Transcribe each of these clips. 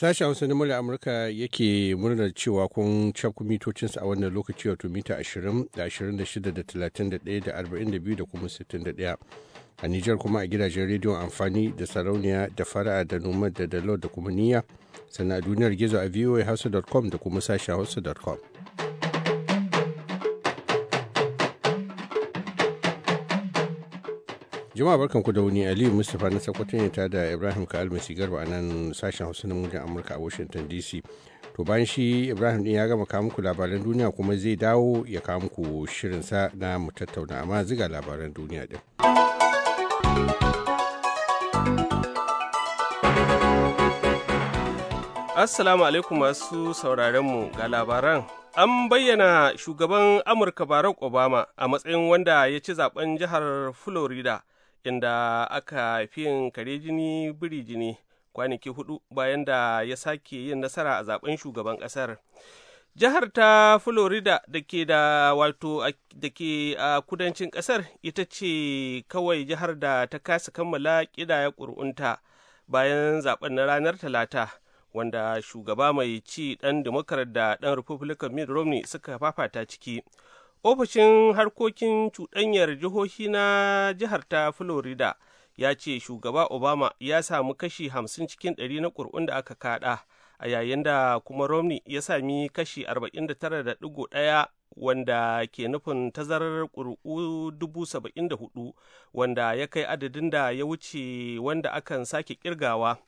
Sashen Hausa na murya Amurka yake murnar cewa kun cakku mitocinsa a wannan lokaci wato mita 20 da 26 da 31 da 42 da kuma 61. A Nijar kuma a gidajen rediyon amfani da sarauniya da fara'a da noma da dalo da kuma niyya sannan a duniyar gizo a voahausa.com da kuma sashen hausa.com. Jama'a barkan ku da wani Aliyu Mustapha na sakwato ne ta da Ibrahim Ka'al Masi Garba a nan sashen Hausa na Mujan Amurka a Washington DC. To bayan shi Ibrahim din ya gama kawo muku labaran duniya kuma zai dawo ya kawo muku shirin sa na mu tattauna amma ziga labaran duniya din. Assalamu alaikum masu sauraron mu ga labaran An bayyana shugaban Amurka Barack Obama a matsayin wanda ya ci zaben jihar Florida inda aka fi yin kare jini biri jini kwanaki hudu bayan da ya sake yin nasara a zaben shugaban kasar jihar ta florida da ke da wato da ke a kudancin kasar ita ce kawai jihar da ta kasa kammala kidaya ƙuri'unta bayan zaben na ranar talata wanda shugaba mai ci dan demokrat da dan republican mitt romney suka fafata ciki Ofishin harkokin cuɗanyar jihohi na jihar ta Florida ya ce shugaba Obama ya samu kashi 50 cikin ɗari na ƙur'un da aka kaɗa, a yayin da kuma Romney ya sami kashi 49.1 wanda ke nufin tazarar ƙuri'u 74,000 wanda ya kai adadin da ya wuce wanda akan sake ƙirgawa.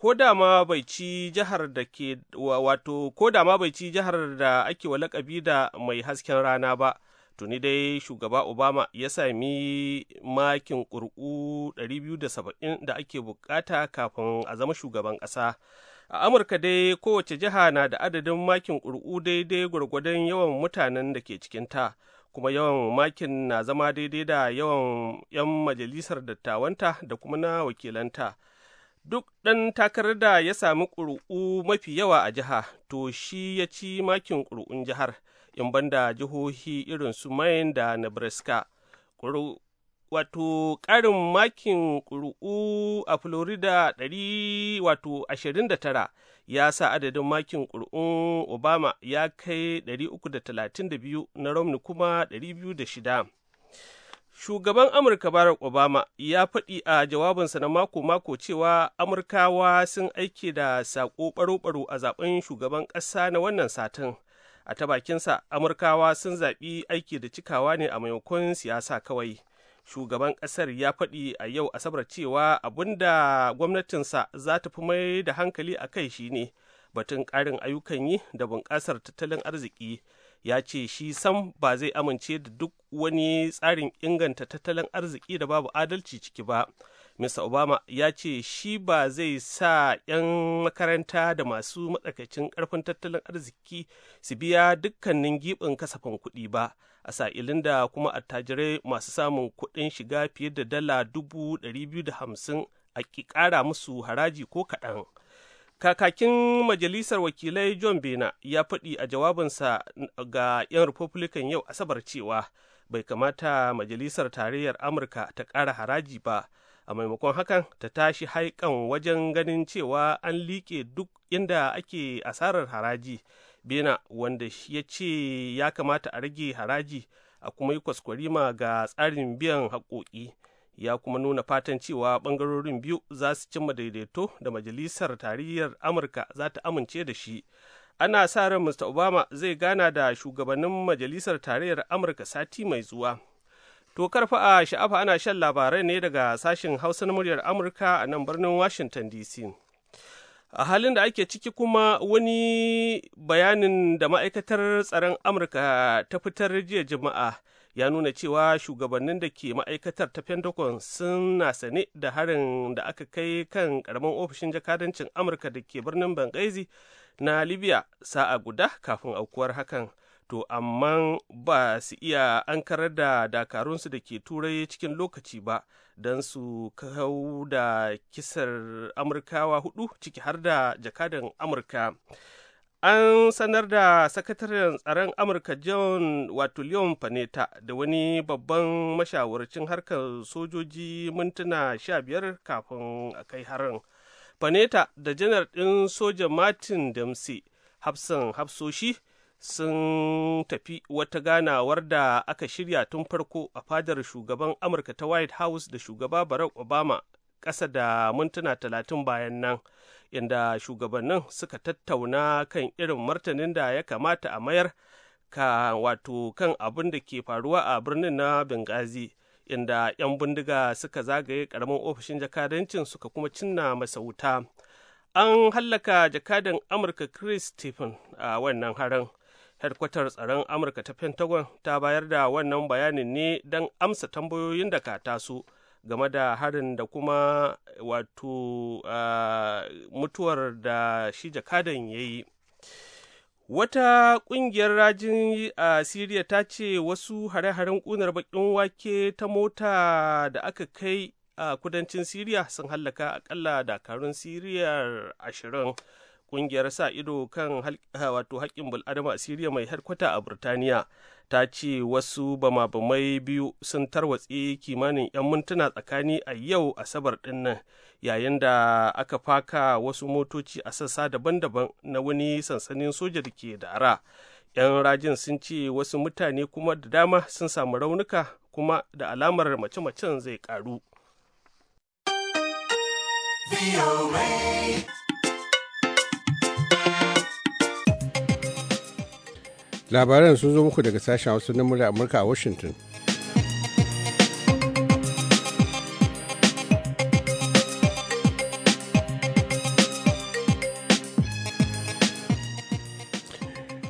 ko da ma bai ci jihar da ke wato ko da ma bai ci jihar da ake wa lakabi da mai hasken rana ba tuni dai shugaba obama ya sami makin ƙuri'u 270 da ake bukata kafin a zama shugaban ƙasa a amurka dai kowace jiha na da adadin makin ƙur'u daidai gwargwadon yawan mutanen da ke cikinta kuma yawan makin na zama daidai da yawan 'yan majalisar dattawanta da kuma na wakilanta duk ɗan takarar da ya sami ƙuri'u mafi yawa a jiha to shi ya ci makin ƙuri'un jihar in banda jihohi irin su main da nebraska wato ƙarin makin ƙuri'u a florida 129 ya sa adadin makin ƙuri'un obama ya kai 332 na romney kuma 206 Shugaban Amurka Barack Obama ya faɗi a jawabinsa na mako-mako cewa Amurkawa sun aiki da saƙo ɓaro-ɓaro a zaɓen shugaban ƙasa na wannan satin. A ta bakinsa, Amurkawa sun zaɓi aiki da cikawa ne a maimakon siyasa kawai. Shugaban ƙasar ya faɗi a yau Asabar cewa abun da gwamnatinsa za ta fi mai da hankali a kai shi ne. batun ƙarin ayyukan yi da bunƙasar tattalin arziki. ya ce shi sam ba zai amince da duk wani tsarin inganta tattalin arziki da babu adalci ciki ba. Mr. Obama ya ce shi ba zai sa 'yan makaranta da masu matsakaicin karfin tattalin arziki su biya dukkanin giɓin kasafin kuɗi ba, a sa'ilin da kuma attajirai masu samun kuɗin shiga fiye da dala dubu ɗari biyu da hamsin a ƙara musu haraji ko kaɗan. Kakakin Majalisar Wakilai John Bena ya faɗi a jawabinsa ga 'yan Republican yau Asabar cewa bai kamata Majalisar Tarayyar Amurka ta ƙara haraji ba, a maimakon hakan ta tashi haikan wajen ganin cewa an liƙe duk inda ake asarar haraji. Bena wanda ya ce ya kamata a rage haraji a kuma yi kwaskwarima ga tsarin biyan haƙoƙi. ya kuma nuna fatan cewa ɓangarorin biyu za su cimma daidaito da majalisar tarayyar amurka za ta amince da shi ana sa ran mr obama zai gana da shugabannin majalisar tarayyar amurka sati mai zuwa to karfa a sha'afa ana shan labarai ne daga sashen hausa na muryar amurka a nan birnin washington dc a halin da ake ciki kuma wani bayanin da ma'aikatar tsaron amurka ta fitar jiya juma'a ya nuna cewa shugabannin da ke ma'aikatar ta pentagon suna sane da harin da aka kai kan karamin ofishin jakadancin amurka da ke birnin bangaizi na libya sa'a guda kafin aukuwar hakan to amma ba su iya ankarar da dakarunsu da ke turai cikin lokaci ba don su kau da kisar amurkawa hudu ciki har da jakadan amurka an sanar da sakataren tsaron amurka john wato leon paneta da wani babban mashawarcin harkar sojoji mintuna sha biyar kafin a kai harin paneta da janar ɗin soja martin dempsey hafsan hafsoshi sun tafi wata ganawar da aka shirya tun farko a fadar shugaban amurka ta white house da shugaba barack obama ƙasa da mintuna talatin bayan nan inda shugabannin suka tattauna kan irin martanin da ya kamata a mayar ka wato kan abin da ke faruwa a birnin na Benghazi inda 'yan bindiga suka zagaye karamin ofishin jakadancin suka kuma cinna masa wuta. An hallaka jakadan Amurka Chris Stephen a wannan harin. Hedkwatar tsaron Amurka ta Pentagon ta bayar da wannan bayanin ne don amsa tambayoyin da ka taso game da harin da kuma wato mutuwar da shi jakadan ya yi wata ƙungiyar rajin a siriya ta ce wasu hare-haren ƙunar bakin wake ta mota da aka kai a kudancin siriya sun hallaka akalla dakarun siriya ashirin ƙungiyar sa ido kan wato haƙƙin bul'adama a siriya mai harkwata a burtaniya ta ce wasu bama-bamai biyu sun tarwatse kimanin 'yan mintuna tsakani a yau asabar ɗinnan, nan yayin da aka faka wasu motoci a sassa daban-daban na wani sansanin soja da ke dara 'yan rajin sun ce wasu mutane kuma da dama sun samu raunuka kuma da alamar mace-macen zai ƙaru. labaran sun zo muku daga sashen hausa na murya amurka a washington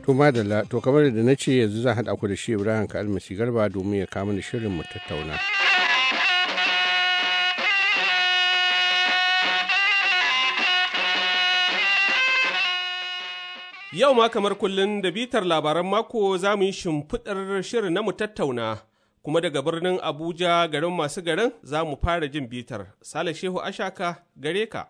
to la to kamar da na ce yanzu zan haɗa ku da shi ibrahim ka almasi garba domin ya kama da shirin mu tattauna. Yau ma kamar kullum da bitar labaran mako za mu yi shimfiɗar shirin na mu tattauna, kuma daga birnin Abuja garin masu garin za mu fara jin bitar. Sale Shehu Ashaka gare ka.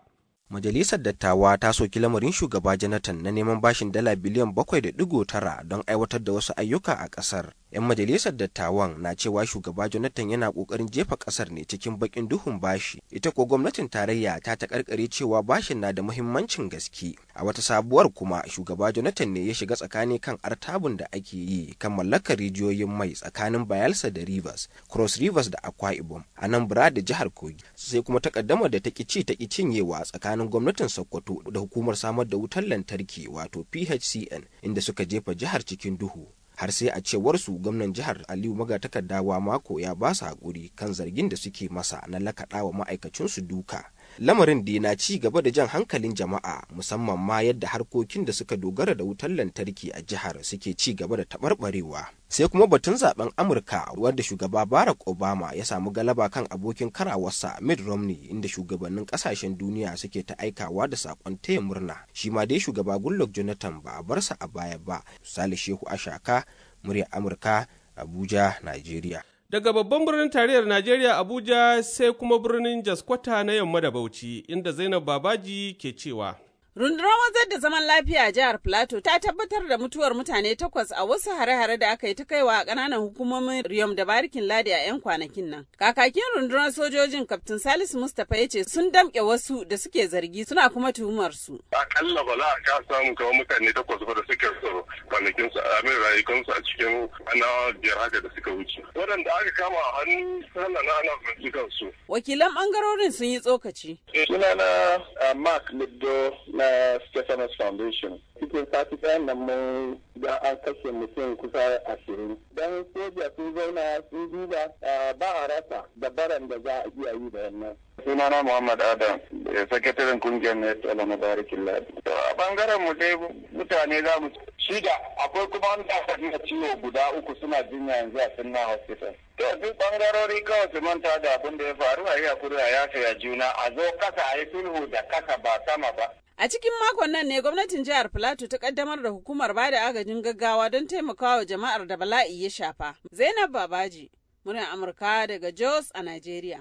Majalisar Dattawa ta soki lamarin shugaba Jonathan na neman bashin dala biliyan bakwai da digo tara don aiwatar da wasu ayyuka a ƙasar. 'Yan majalisar dattawan na cewa shugaba Jonathan yana ƙoƙarin jefa ƙasar ne cikin bakin duhun bashi. Ita ko gwamnatin tarayya ta taƙarƙare cewa bashin na da muhimmancin gaske. a wata sabuwar kuma shugaba jonathan ne ya shiga tsakani kan artabun da ake yi kan mallakar rijiyoyin mai tsakanin bayelsa da rivers cross rivers da akwa ibom a nan bura da jihar kogi sai kuma takaddama da ta ci ta cinyewa tsakanin gwamnatin sokoto da hukumar samar da wutar lantarki wato phcn inda suka jefa jihar cikin duhu har sai a cewarsu gwamnan jihar aliyu magatakardawa mako ya ba su haƙuri kan zargin da suke masa na lakaɗawa ma'aikacinsu duka lamarin da yana ci gaba da jan hankalin jama'a musamman ma yadda harkokin da suka dogara da wutar lantarki a jihar suke ci gaba da taɓarɓarewa sai kuma batun zaben amurka wadda shugaba barack obama ya samu galaba kan abokin karawarsa mitt romney inda shugabannin kasashen duniya suke ta aikawa da sakon taya murna shi ma dai shugaba goodluck jonathan ba a barsa a baya ba misali shehu ashaka murya amurka abuja nigeria Daga babban birnin tarayyar Najeriya Abuja sai kuma birnin Jaskwata na yamma da Bauchi, inda Zainab Babaji ke cewa. Rundunar wanzar da zaman lafiya a jihar Plateau ta tabbatar da mutuwar mutane takwas a wasu hare-hare da aka yi ta kaiwa a ƙananan hukumomin Riyom da Barikin Ladi a 'yan kwanakin nan. Kakakin rundunar sojojin Kaftin Salisu Mustapha ya ce sun damƙe wasu da suke zargi suna kuma tuhumar su. Akalla ba za a ka samu kamar mutane takwas ba da suke kwanakin su a mai rayukansu a cikin ana biyar haka da suka wuce. Waɗanda aka kama a hannu sannan na ana bincikan su. Wakilan ɓangarorin sun yi tsokaci. Sunana uh, Mark Libdo na Stephanus Foundation. Cikin sati nan mun ga an kashe mutum kusa ashirin. Don soja sun zauna sun duba ba a rasa baran da za a iya yi da wannan. sunana Muhammad Adam, eh, sakataren kungiyar Net barikin Ladi. A bangaren mu dai mutane za mu shida akwai kuma wanda aka jina ciwo guda uku suna jinya yanzu a na Hospital. To duk bangarori kawai su manta da abin da ya faru a yi a kuri a a juna a zo kasa a yi sulhu da kasa ba sama ba. A cikin makon nan ne gwamnatin jihar Filato ta kaddamar da hukumar ba da agajin gaggawa don taimakawa jama'ar da bala'i ya shafa. Zainab Babaji, muna Amurka daga Jos a Najeriya.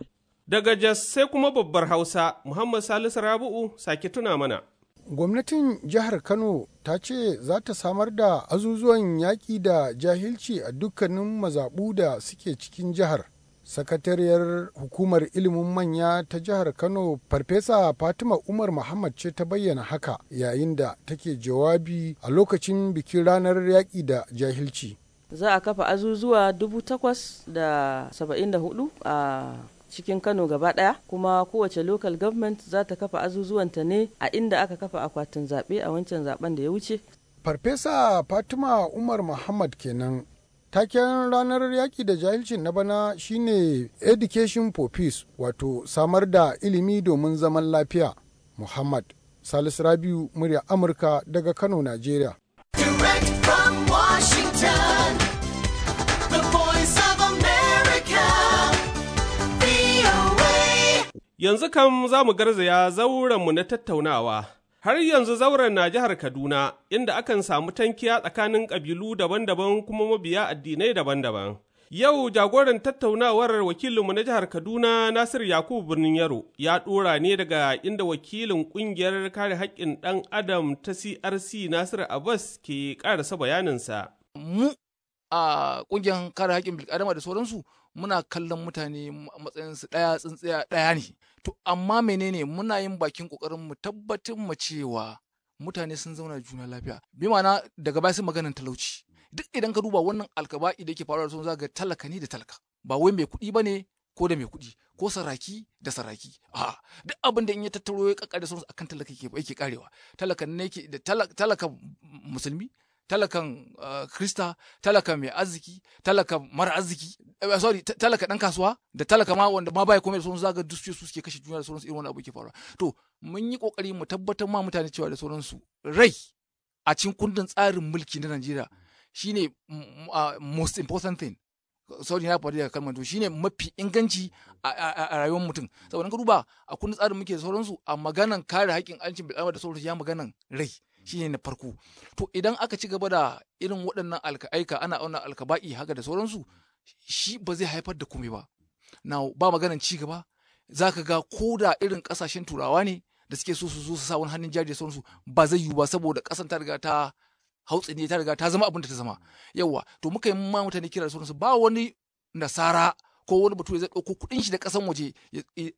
Daga Jos sai kuma babbar Hausa, Muhammad Salisu Rabu'u sake tuna mana. Gwamnatin jihar Kano ta ce za ta samar da azuzuwan yaƙi da jahilci a dukkanin mazaɓu da suke cikin jihar. sakatariyar hukumar ilimin manya ta jihar kano farfesa fatima umar muhammad ce ta bayyana haka yayin da take jawabi a lokacin bikin ranar yaƙi da jahilci za a kafa azuzuwa 8,074 a cikin kano gaba daya kuma kowace local government za ta kafa azuzuwanta ne a inda aka kafa akwatin zaɓe a wancan zaben da ya wuce farfesa fatima umar muhammad kenan Taken ranar yaƙi da jahilcin na bana shine Education for Peace wato samar da ilimi domin zaman lafiya. Muhammad Salisu Rabiu murya Amurka daga Kano, nigeria. Yanzu kam za mu garzaya zaurenmu na tattaunawa. Har yanzu zauren na jihar Kaduna, inda akan samu tankiya tsakanin ƙabilu daban-daban kuma mabiya addinai daban-daban. Yau jagoran tattaunawar wakilinmu na jihar Kaduna Nasir Yakubu Birnin Yaro ya ɗora ne daga inda wakilin ƙungiyar kare haƙƙin ɗan Adam ta CRC Nasir Abbas ke ƙarasa bayaninsa. Mu a ƙungiyar kare haƙƙin bil'adama da sauransu muna kallon mutane a matsayinsu ɗaya tsintsiya ɗaya ne to amma menene muna yin bakin kokarin mu tabbatin mu cewa mutane sun zauna juna lafiya bi ma'ana daga baya sai maganar talauci duk idan ka duba wannan alkaba'i da ke faruwa da sun zaga talaka ne da talaka ba wai mai kuɗi ba ne ko da mai kuɗi ko saraki da saraki a duk abin da in ya tattaro ya kakar da akan talaka yake yake karewa talaka ne yake da talaka musulmi talakan uh, krista talakan mai arziki talakan mara arziki eh, uh, sorry talaka dan kasuwa da talaka ma wanda ma baya komai da sauransu zaga duk su suke kashe juna da sauransu irin wani abu ke faruwa to mun yi kokari mu tabbatar ma mutane cewa da sauransu rai a cikin kundin tsarin mulki na Najeriya shine mm, mm, uh, most important thing sorry na faɗi daga kalmar to shine mafi inganci a rayuwar mutum saboda ka duba a kundin tsarin muke da sauransu a maganan kare haƙƙin alcin bil'adama da sauransu ya maganan rai Shi ne na farko to idan aka ci gaba da irin waɗannan alka'aika ana auna alkaba'i haka da sauransu shi ba zai haifar da kome ba na ba maganan ci gaba za ka ga ko da irin ƙasashen turawa ne da suke so su zo su sa wani hannun jari da sauransu ba zai yiwu ba saboda ƙasan ta riga ta hautsi ne ta riga ta zama abin da ta zama yawa to muka yi ma mutane kira da sauransu ba wani nasara ko wani batu ya zai ɗauko kuɗin shi da ƙasan waje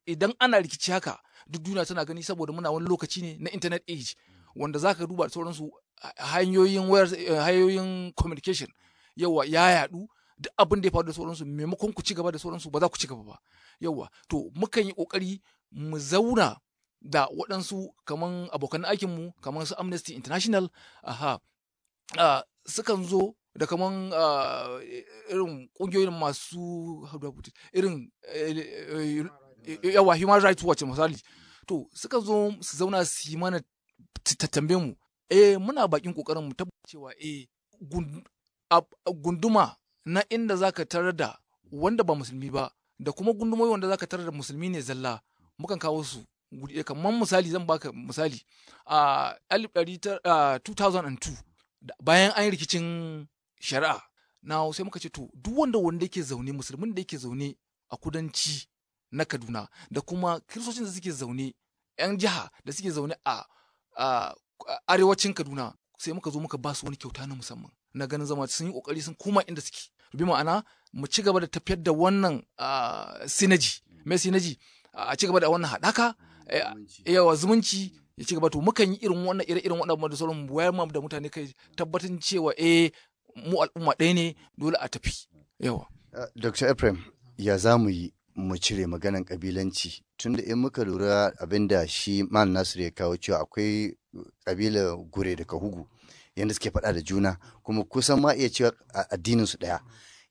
idan ana rikici haka duk duniya tana gani saboda muna wani lokaci ne na internet age wanda zaka duba da sauransu hanyoyin wayar eh, hanyoyin communication yawa ya yadu duk abin da ya faru da sauransu maimakon ku ci gaba da sauransu ba za ku ci gaba ba yawa to mukan yi kokari mu zauna da waɗansu kaman abokan aikinmu kamar su amnesty international aha uh, sukan zo da kaman irin ƙungiyoyin masu irin eh, eh, yawa human rights watch misali to sukan zo su zauna su yi mana tattambe mu eh muna bakin kokarin mu tabbata cewa eh gunduma na inda zaka tarar da wanda ba musulmi ba da kuma gundumoyi wanda zaka tarar da musulmi ne zalla mukan kawo su guri kamar misali zan baka misali a 2002 bayan an rikicin shari'a na sai muka ce to duk wanda wanda yake zaune musulmin da yake zaune a kudanci na kaduna da kuma kiristocin da suke zaune yan jiha da suke zaune a arewacin Kaduna sai muka zo muka ba su wani kyauta na musamman na ganin zama sun yi kokari sun koma inda suke bi ma'ana mu ci gaba da tafiyar da wannan sinaji mai sinaji a ci gaba da wannan haɗaka mm, eh, yawa zumunci ya ci gaba to mukan yi irin wannan ire-iren wannan da sauran wayar ma da mutane kai tabbatar cewa eh mu al'umma ɗaya ne dole a tafi yawa eh, dr ephraim ya za mu yi mu cire maganan kabilanci tunda in muka lura abinda shi man nasiru ya kawo cewa akwai kabila gure da kahugu yadda suke faɗa da juna kuma kusan ma iya cewa addinin su ɗaya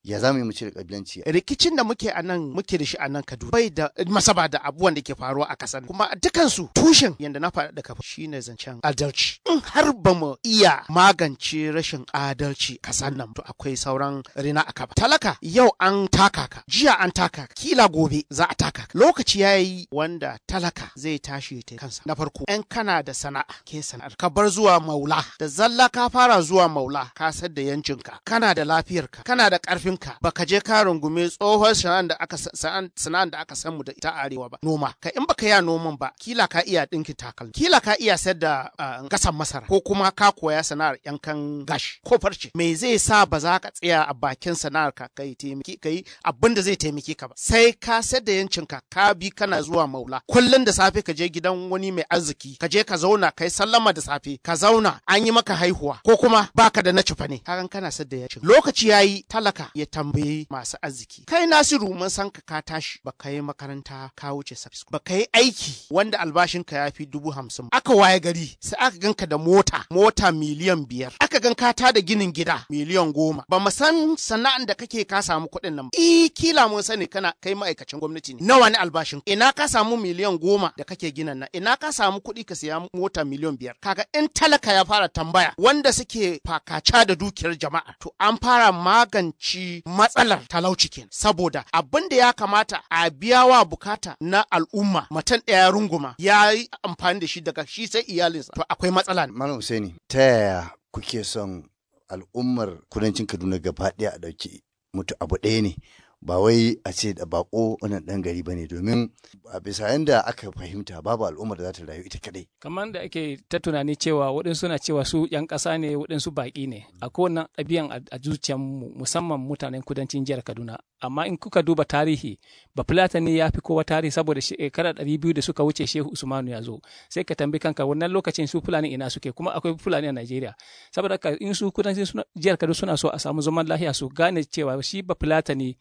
ya za mu yi cire kabilanci rikicin da muke a nan muke da shi a nan Kaduna bai da masaba da abubuwan da ke faruwa a kasar kuma dukansu tushen yadda na faɗa daga shi ne zancen adalci in har ba mu iya magance rashin adalci kasar nan to akwai sauran rina a kaba talaka yau an taka ka jiya an taka ka kila gobe za a taka ka lokaci yi wanda talaka zai tashi ta kansa na farko yan kana da sana'a ke sana'ar ka bar zuwa maula da zalla ka fara zuwa maula ka sadda yancinka kana da lafiyarka kana da ƙarfin ba ka je ka rungume tsohon sana'an da aka san mu da ita arewa ba noma ka in baka ya noman ba kila ka iya ɗinki takalmi kila ka iya sayar da ah, gasan masara ko kuma ka koya sana'ar yankan gashi ko farce me zai sa ba za ka tsaya a bakin sana'ar ka kai taimaki kai abin da zai taimake ka ba sai ka sayar da yancin ka ka bi kana zuwa maula kullum da safe ka je gidan wani mai arziki ka je ka zauna kai sallama da safe ka zauna an yi maka haihuwa ko kuma baka da na cifane kaga kana sayar da yancin lokaci yayi talaka ya tambayi masu arziki kai nasiru mun san ka ka tashi ba ka yi makaranta ka wuce subscribe ba ka yi aiki wanda albashinka ya fi dubu hamsin aka waye gari sai aka ganka da mota mota miliyan biyar aka gan ka da ginin gida miliyan goma ba mu san sana'an da kake ka samu kuɗin nan i kila mun sani kana kai ma'aikacin gwamnati ne nawa ne albashin ina ka samu miliyan goma da kake ginin nan ina ka samu kuɗi ka siya mota miliyan biyar kaga in talaka ya fara tambaya wanda suke fakaca da dukiyar jama'a to an fara magance matsalar talauci kenan saboda abin da ya kamata a biya wa bukata na al'umma matan ɗaya runguma ya yi amfani da shi daga shi sai iyalinsa to akwai matsala ne. malam Husaini ta yaya kuke son al'ummar kudancin Kaduna gaba ɗaya a ɗauki mutu abu ɗaya ne ba wai a ce da bako wannan dan gari bane domin a bisa yanda aka fahimta babu al'ummar da za ta rayu ita kadai kamar da ake ta tunani cewa waɗansu na cewa su yan kasa ne waɗansu baƙi ne a kowane ɗabi'an a zuciyar mu musamman mutanen kudancin jihar Kaduna amma in kuka duba tarihi ba bafulatani ya fi kowa tarihi saboda shekara ɗari biyu da suka wuce shehu usmanu ya zo sai ka tambi kanka wannan lokacin su fulani ina suke kuma akwai fulani a najeriya saboda ka in su kudancin jihar kaduna suna so a samu zaman lafiya su gane cewa shi ba bafulatani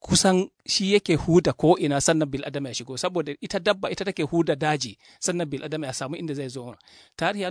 kusan shi yake huda ko ina sannan bil adama ya shigo saboda ita dabba ita take huda daji sannan bil adama ya samu inda zai zo tarihi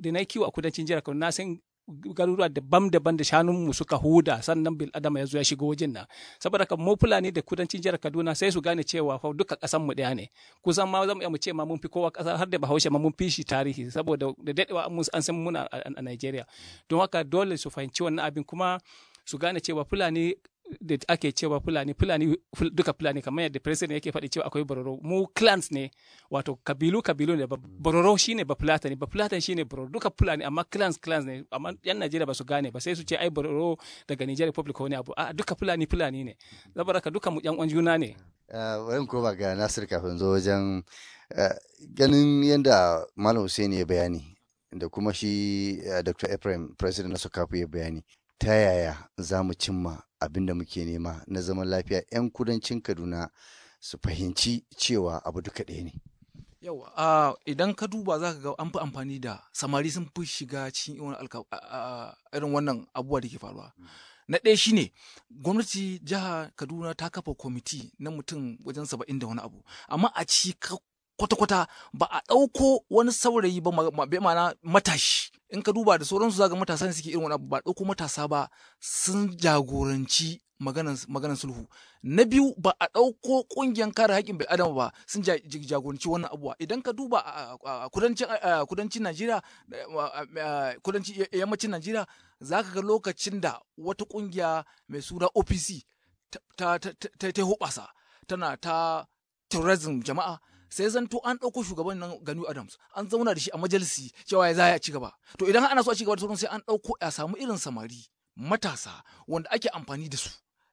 da na kiwo a kudancin jihar kaduna na san garuruwa daban-daban da shanun mu suka huda sannan bil adama ya zo ya shigo wajen nan saboda kan mu fulani da kudancin jihar kaduna sai su gane cewa fa duka kasan mu daya ne kusan ma zamu iya mu ce ma mun fi kowa kasa har da bahaushe ma mun fi shi tarihi saboda da dadewa an san muna a Najeriya don haka dole su fahimci wannan abin kuma su gane cewa fulani da ake cewa fulani fulani duka fulani kamar yadda president yake faɗi cewa akwai bororo mu clans ne wato kabilu kabilu ne bororo shine ba ne ba fulatan shine bororo duka fulani amma clans clans ne amma yan Najeriya ba su gane ba sai su ce ai bororo daga Niger Republic wani abu a duka fulani fulani ne saboda ka duka mu yan uwan juna ne wani eh, ko ba ga Nasir kafin zo wajen eh, ganin yadda Malam Hussein ya bayani da kuma shi eh, Dr. Ephraim president na Sokafu ya bayani ta yaya za mu cimma abin da muke nema na zaman lafiya 'yan kudancin kaduna su fahimci cewa abu duka ɗaya ne yau idan ka duba za ka ga an fi amfani da samari sun fi shiga cikin irin wannan abubuwa da ke faruwa hmm. na ɗaya shine gwamnati jiha kaduna ta kafa kwamiti na mutum wajen saba'in da wani abu amma a ci kwata-kwata ba a ɗauko wani saurayi ba bai mana matashi in ka duba da sauransu zaga matasa ne suke irin wani ba ɗauko matasa ba sun jagoranci maganan sulhu na biyu ba a ɗauko ƙungiyar kare haƙƙin bai adam ba sun jagoranci wannan abuwa idan ka duba a kudancin najeriya yammacin najeriya za ka ga lokacin da wata ƙungiya mai suna opc ta hubasa tana ta terrorism jama'a sai zanto an ɗauko shugaban nan ganu adams an zauna da shi a majalisi cewa ya zaya ci gaba to idan ana so a ci gaba da sauran sai an ɗauko a samu irin samari matasa wanda ake amfani da su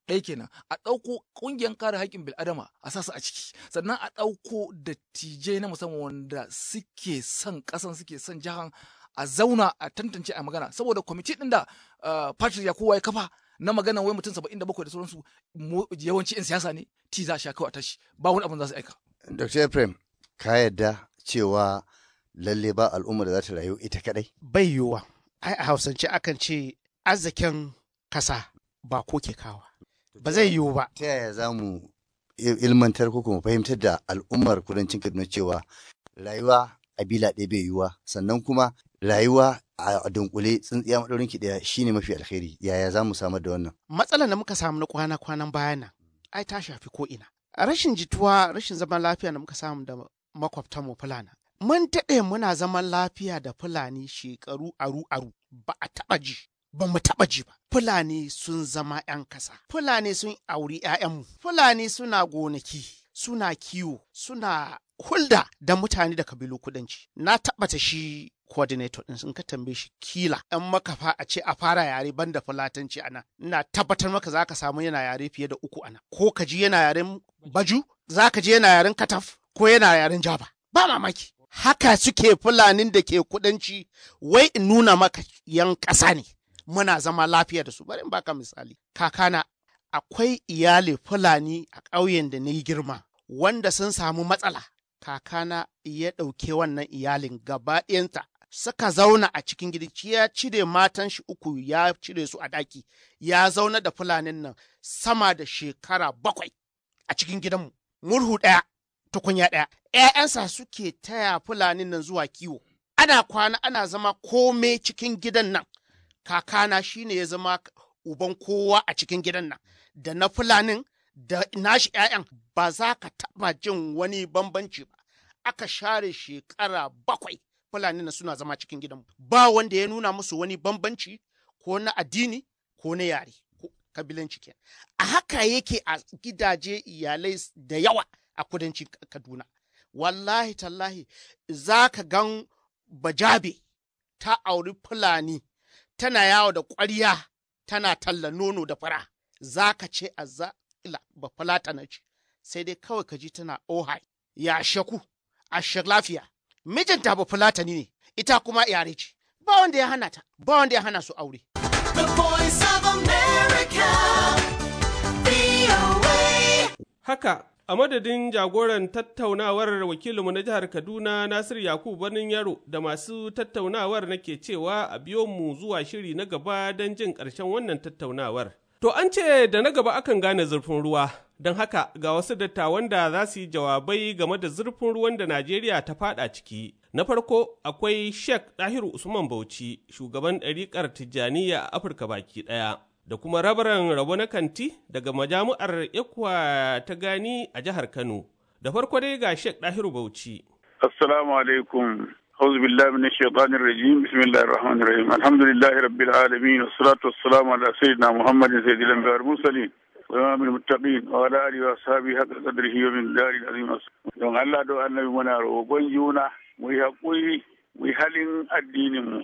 ɗaya kenan a dauko ƙungiyar kare haƙƙin bil'adama a sa su a ciki sannan a ɗauko dattijai na musamman wanda suke son ƙasan suke son jihar a zauna a tantance a magana saboda kwamiti ɗin da ah, patrick ya kowa ya kafa na magana wai mutum saba'in da bakwai da sauransu yawanci 'yan siyasa ne ti za a sha kawai a tashi ba wani abin za su aika Dr. Ephraim, ka yadda cewa lalle ba al'umma da za ta rayu ita kadai? Bai yiwuwa. Ai a Hausance akan ce arzikin kasa ba ko ke kawa. Ba zai yiwu ba. Ta yaya za mu ilmantar ko kuma fahimtar da al'ummar kudancin Kaduna cewa rayuwa a bila ɗaya bai yiwuwa sannan kuma rayuwa a dunkule tsintsiya maɗaurin ki ɗaya shine mafi alheri yaya za mu samar da wannan. Matsalar da muka samu na kwana kwanan bayan nan ai ta shafi ko ina. rashin jituwa rashin zaman lafiya da muka samu da makwabtanmu fulana mun taɗe muna zaman lafiya da fulani shekaru aru aru ba a taɓa ji ba mu taɓa ji ba fulani sun zama 'yan kasa fulani sun auri 'ya'yanmu fulani suna gonaki suna kiwo suna hulda da mutane da kabilu kudanci na taɓa ta shi coordinator din sun ka tambaye shi kila ɗan maka a ce a fara yare banda fulatanci ana ina tabbatar maka zaka samu yana yare fiye da uku ana ko ka ji yana yaren baju zaka ji yana yaren kataf ko yana yaren jaba ba mamaki haka suke fulanin da ke kudanci wai in nuna maka yan ƙasa ne muna zama lafiya da su bari in baka misali kakana akwai iyali fulani a ƙauyen da na yi girma wanda sun samu matsala kakana ya ɗauke wannan iyalin gaba ɗayanta suka zauna a cikin gidi ya cire matan shi uku ya cire su a daki ya zauna da fulanin nan sama da shekara bakwai a cikin gidanmu murhu ɗaya tukunya ɗaya ‘ya'yansa suke taya fulanin nan zuwa kiwo ana kwana ana zama kome cikin gidan nan kakana shine ya zama uban kowa a cikin gidan nan da na fulanin da nashi ‘ya'yan ba za ka taɓa jin wani bambanci ba aka share shekara bakwai fulani na suna zama cikin gidanmu ba wanda ya nuna musu wani bambanci ko na addini ko na yare ko kabilanci ke a haka yake a gidaje iyalai da yawa a kudancin kaduna wallahi tallahi za ka gan bajabe ta auri fulani tana yawo da ƙwarya tana talla nono da fara za ka ce a za'ila ba fulata na ci. sai dai kawai ka ji tana ohai oh ya shaku a lafiya mijinta ba fulatani ne ita kuma yare ce ba wanda ya hana ta ba wanda ya hana su aure haka a madadin jagoran tattaunawar wakilinmu na jihar kaduna nasir yakubu birnin yaro da masu tattaunawar nake cewa a biyo mu zuwa shiri na gaba don jin ƙarshen wannan tattaunawar to an ce da na gaba akan gane zurfin ruwa Don haka ga wasu dattawan da za su yi jawabai game da zurfin ruwan da Najeriya ta fada ciki. Na farko akwai Sheikh Dahiru Usman Bauchi, shugaban ɗariƙar Tijjaniya a Afirka baki ɗaya, da kuma rabaran rabo na kanti daga majami'ar Ikwa ta gani a jihar Kano. Da farko dai ga Sheikh Dahiru Bauchi. Assalamu alaikum. أعوذ بالله من الشيطان الرجيم بسم الله الرحمن الرحيم الحمد لله رب العالمين والصلاة والسلام على سيدنا محمد سيد الأنبياء والمرسلين وإمام المتقين وعلى آله وأصحابه حق قدره ومن دار العظيم don Allah da annabi muna roƙon juna mu yi haƙuri mu yi halin addininmu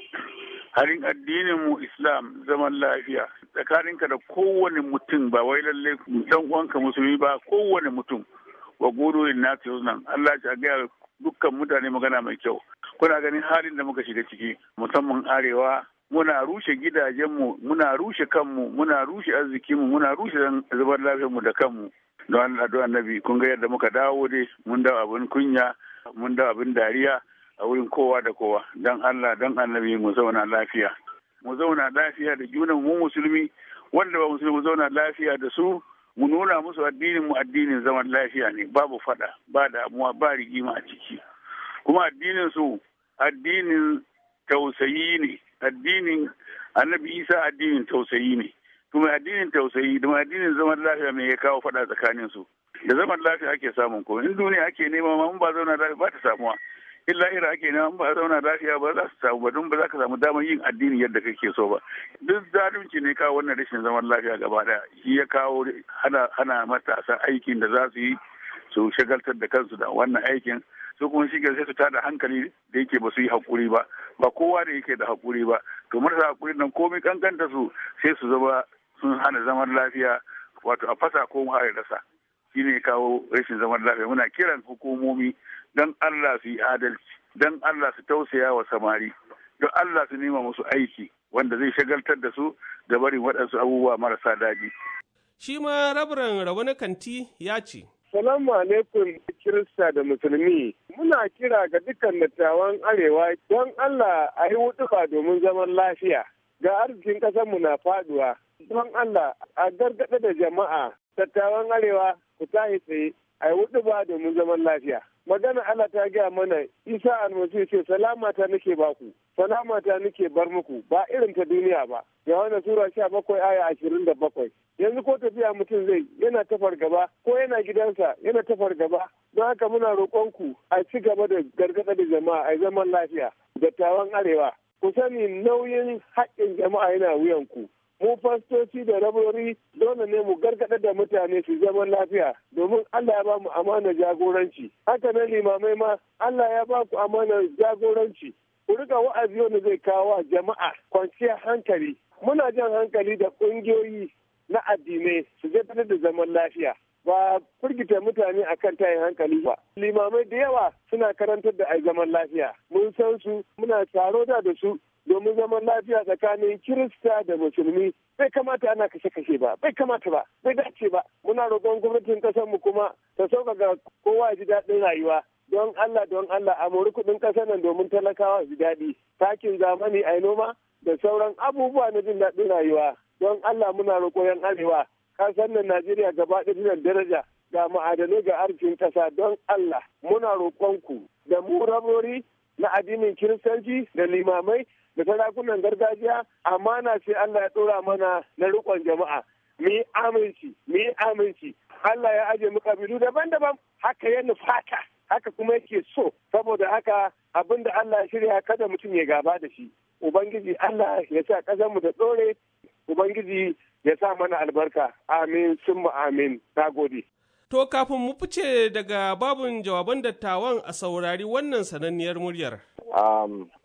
halin addininmu islam zaman lafiya tsakaninka da kowane mutum ba wai lalle dan wanka musulmi ba kowane mutum wa gudu na nan Allah ya ga dukkan mutane magana mai kyau kuna ganin halin da muka shiga ciki musamman arewa muna rushe gidajenmu muna rushe kanmu muna rushe arzikinmu muna rushe zubar lafiyarmu da kanmu don Allah don annabi kun ga yadda muka dawo dai mun dawo abin kunya mun dawo abin dariya a wurin kowa da kowa don Allah don annabi mu zauna lafiya mu zauna lafiya da junan mu musulmi wanda ba musulmi mu zauna lafiya da su mu nuna musu addinin mu addinin zaman lafiya ne babu fada ba damuwa ba rigima a ciki kuma addinin su addinin tausayi ne addinin annabi isa addinin tausayi ne kuma addinin tausayi da addinin zaman lafiya mai ya kawo faɗa tsakanin su da zaman lafiya ake samun ko in duniya ake nema ma ba zauna lafiya ba ta samuwa in lahira ake nema ba zauna lafiya ba za su samu ba don ba za ka samu damar yin addini yadda kake so ba duk zalunci ne kawo wannan rashin zaman lafiya gaba daya shi ya kawo hana matasa aikin da za su yi su shagaltar da kansu da wannan aikin su kuma shi sai su tada hankali da yake ba su yi hakuri ba ba kowa da yake da hakuri ba to marasa hakuri nan komai kankanta su sai su zama sun hana zaman lafiya wato a fasa ko mu rasa shi ne kawo rashin zaman lafiya muna kiran hukumomi don Allah su yi adalci dan Allah su tausaya wa samari don Allah su nema musu aiki wanda zai shagaltar da su da barin waɗansu abubuwa marasa daɗi. Shi ma rabaran rawani kanti ya ce. Salamu alaikum Kirista da Musulmi. Muna kira ga dukkan dattawan Arewa don Allah a yi wutufa domin zaman lafiya. Ga arzikin ƙasarmu na faduwa. Don Allah a gargaɗa da jama'a. Dattawan Arewa ku yi tsaye a yi wutufa domin zaman lafiya. Magana Allah ta gaya mana Isa ya ce salama ta nake baku. salama ta nake bar muku ba irin ta duniya ba ga sura sha bakwai aya ashirin da bakwai yanzu ko tafiya mutum zai yana ta fargaba ko yana gidansa yana ta fargaba don haka muna roƙonku a ci gaba da gargaɗa da jama'a a zaman lafiya dattawan arewa ku sani nauyin haƙƙin jama'a yana wuyanku mu fastoci da rabori dole ne mu gargaɗa da mutane su zaman lafiya domin Allah ya ba mu amana jagoranci haka nan limamai ma Allah ya ba ku amana jagoranci ku riga wa'azi wanda zai kawo wa jama'a kwanciyar hankali muna jan hankali da ƙungiyoyi na addinai su zaɓar da zaman lafiya ba furgita mutane akan tayin hankali ba limamai da yawa suna karantar da ai zaman lafiya mun san su muna taro da da su domin zaman lafiya tsakanin kirista da musulmi bai kamata ana kashe-kashe ba bai kamata ba bai dace ba muna roƙon gwamnatin ƙasar mu kuma ta sauƙaƙa kowa ji daɗin rayuwa don Allah don Allah a mori kudin ƙasar nan domin talakawa su daɗi takin zamani a noma da sauran abubuwa na jin daɗin rayuwa don Allah muna roƙo yan arewa kasar nan Najeriya gaba ɗaya daraja ga ma'adanai ga arzikin ƙasa don Allah muna ku da mu ramori na addinin kiristanci da limamai da sarakunan gargajiya amana sai Allah ya ɗora mana na rikon jama'a mu yi aminci mu aminci Allah ya ajiye mu kabilu daban-daban haka ya nufata haka kuma yake so saboda haka abin da Allah shirya kada mutum ya gaba da shi ubangiji Allah ya sa ƙasar mu da tsore ubangiji ya sa mana albarka amin mu amin nagode to kafin mu fice daga babun jawaban dattawan a saurari wannan sananniyar muryar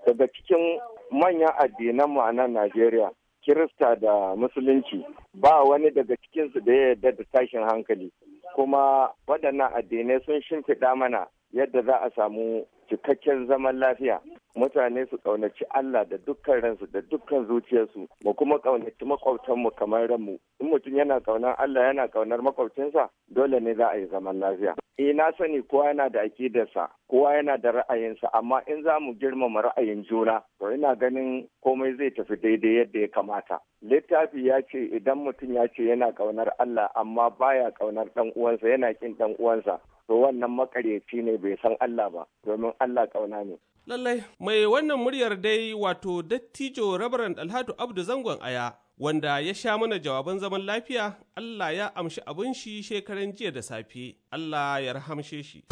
daga cikin manyan addinan mu a nan Najeriya Kirista da Musulunci ba wani daga cikinsu da ya yarda da tashin hankali kuma waɗannan addinai sun shimfiɗa mana yadda za a samu cikakken zaman lafiya mutane su ƙaunaci Allah da dukkan ransu da dukkan zuciyarsu mu kuma ƙaunaci makwabtanmu kamar ranmu in mutum yana ƙaunar Allah yana ƙaunar makwabcinsa dole ne za a yi zaman lafiya eh na sani kowa yana da akidarsa kowa yana da ra'ayinsa amma in za mu girmama ra'ayin juna to ina ganin komai zai tafi daidai yadda ya kamata littafi ya ce idan mutum ya ce yana ƙaunar Allah amma baya ƙaunar ɗan uwansa yana kin ɗan uwansa to wannan makaryaci ne bai san Allah ba domin Allah ƙauna ne Lallai, mai wannan muryar dai wato dattijo Reverend Alhatu Abdu Zangon Aya, wanda ya sha mana jawaban zaman lafiya, Allah ya amshi abin shi shekaran jiya da safe, Allah ya rahamshe shi.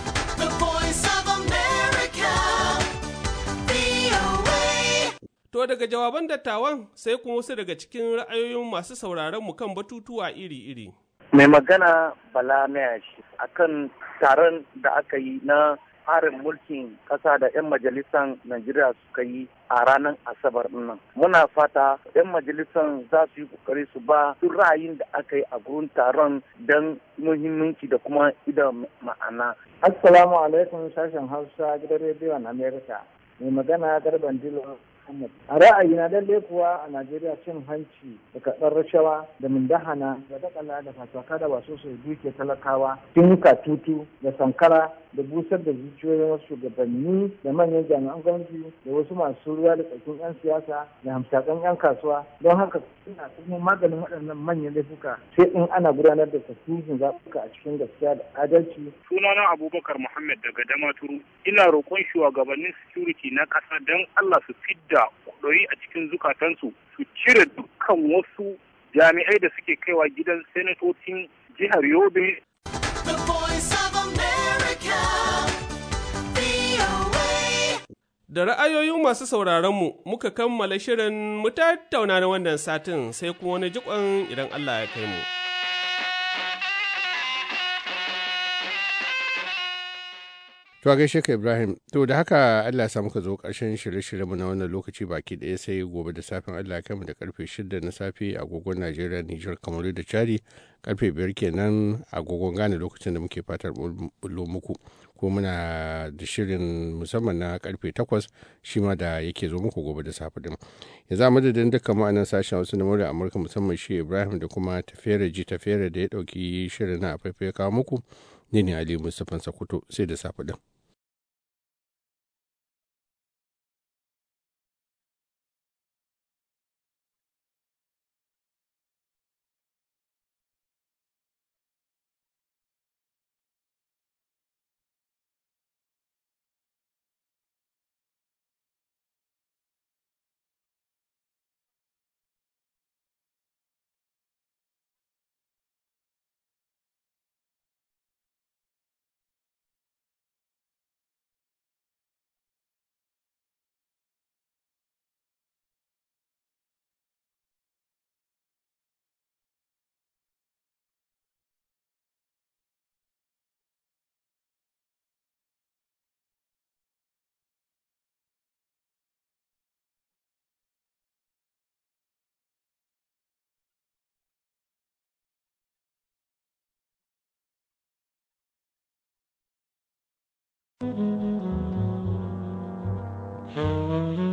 To daga jawaban dattawan sai kuma wasu daga cikin ra'ayoyin masu sauraron mu kan batutuwa iri-iri. Mai magana Bala Mayashi akan taron da aka yi na harin mulkin kasa da 'yan majalisan Najeriya suka yi a ranar Asabar nan. Muna fata 'yan majalisan za su yi kokari su ba duk ra'ayin da aka yi a gurin taron don muhimmanci da kuma ida ma'ana. Assalamu alaikum sashen Hausa gidan rediyon Amerika. Mai magana Garban Dilo Muhammad. A ra'ayina lalle kuwa a Najeriya cin hanci da kaɗan rashawa da mindahana da dakala da fasaka da wasu su duke talakawa tinka tutu da sankara da busar da zuciyoyin wasu shugabanni da manyan jami'an gwamnati da wasu masu ruwa da tsakin 'yan siyasa da hamsakan 'yan kasuwa don haka suna kuma maganin waɗannan manyan laifuka sai in ana gudanar da sahihin zaɓuka a cikin gaskiya da adalci. Sunana Abubakar Muhammad daga Damaturu ina roƙon shugabannin security na ƙasa don Allah su fidda da kudori a cikin zukatansu su cire dukkan wasu jami'ai da suke kaiwa gidan senatocin jihar Yobe. Da ra'ayoyin masu sauraronmu muka kammala shirin mu na wannan satin sai kuma wani jikon idan Allah ya kai mu. To a gaishe ka Ibrahim, to da haka Allah ya ka zo ƙarshen shirye-shiryenmu na wannan lokaci baki ɗaya sai gobe da safin Allah ya mu da karfe shida na safe agogon Najeriya, Nijar, Kamaru da Chari, karfe biyar kenan a agogon Ghana lokacin da muke fatar bullo muku. Ko muna da shirin musamman na karfe 8 shi ma da yake zo muku gobe da safe din. Yanzu a madadin dukkan ma'anan sashen wasu na murya Amurka musamman shi Ibrahim da kuma tafiyar ji tafiyar da ya ɗauki shirin na faifai kawo muku. Ni ne Ali Mustapha Sakuto sai da safe din. Mm-hmm.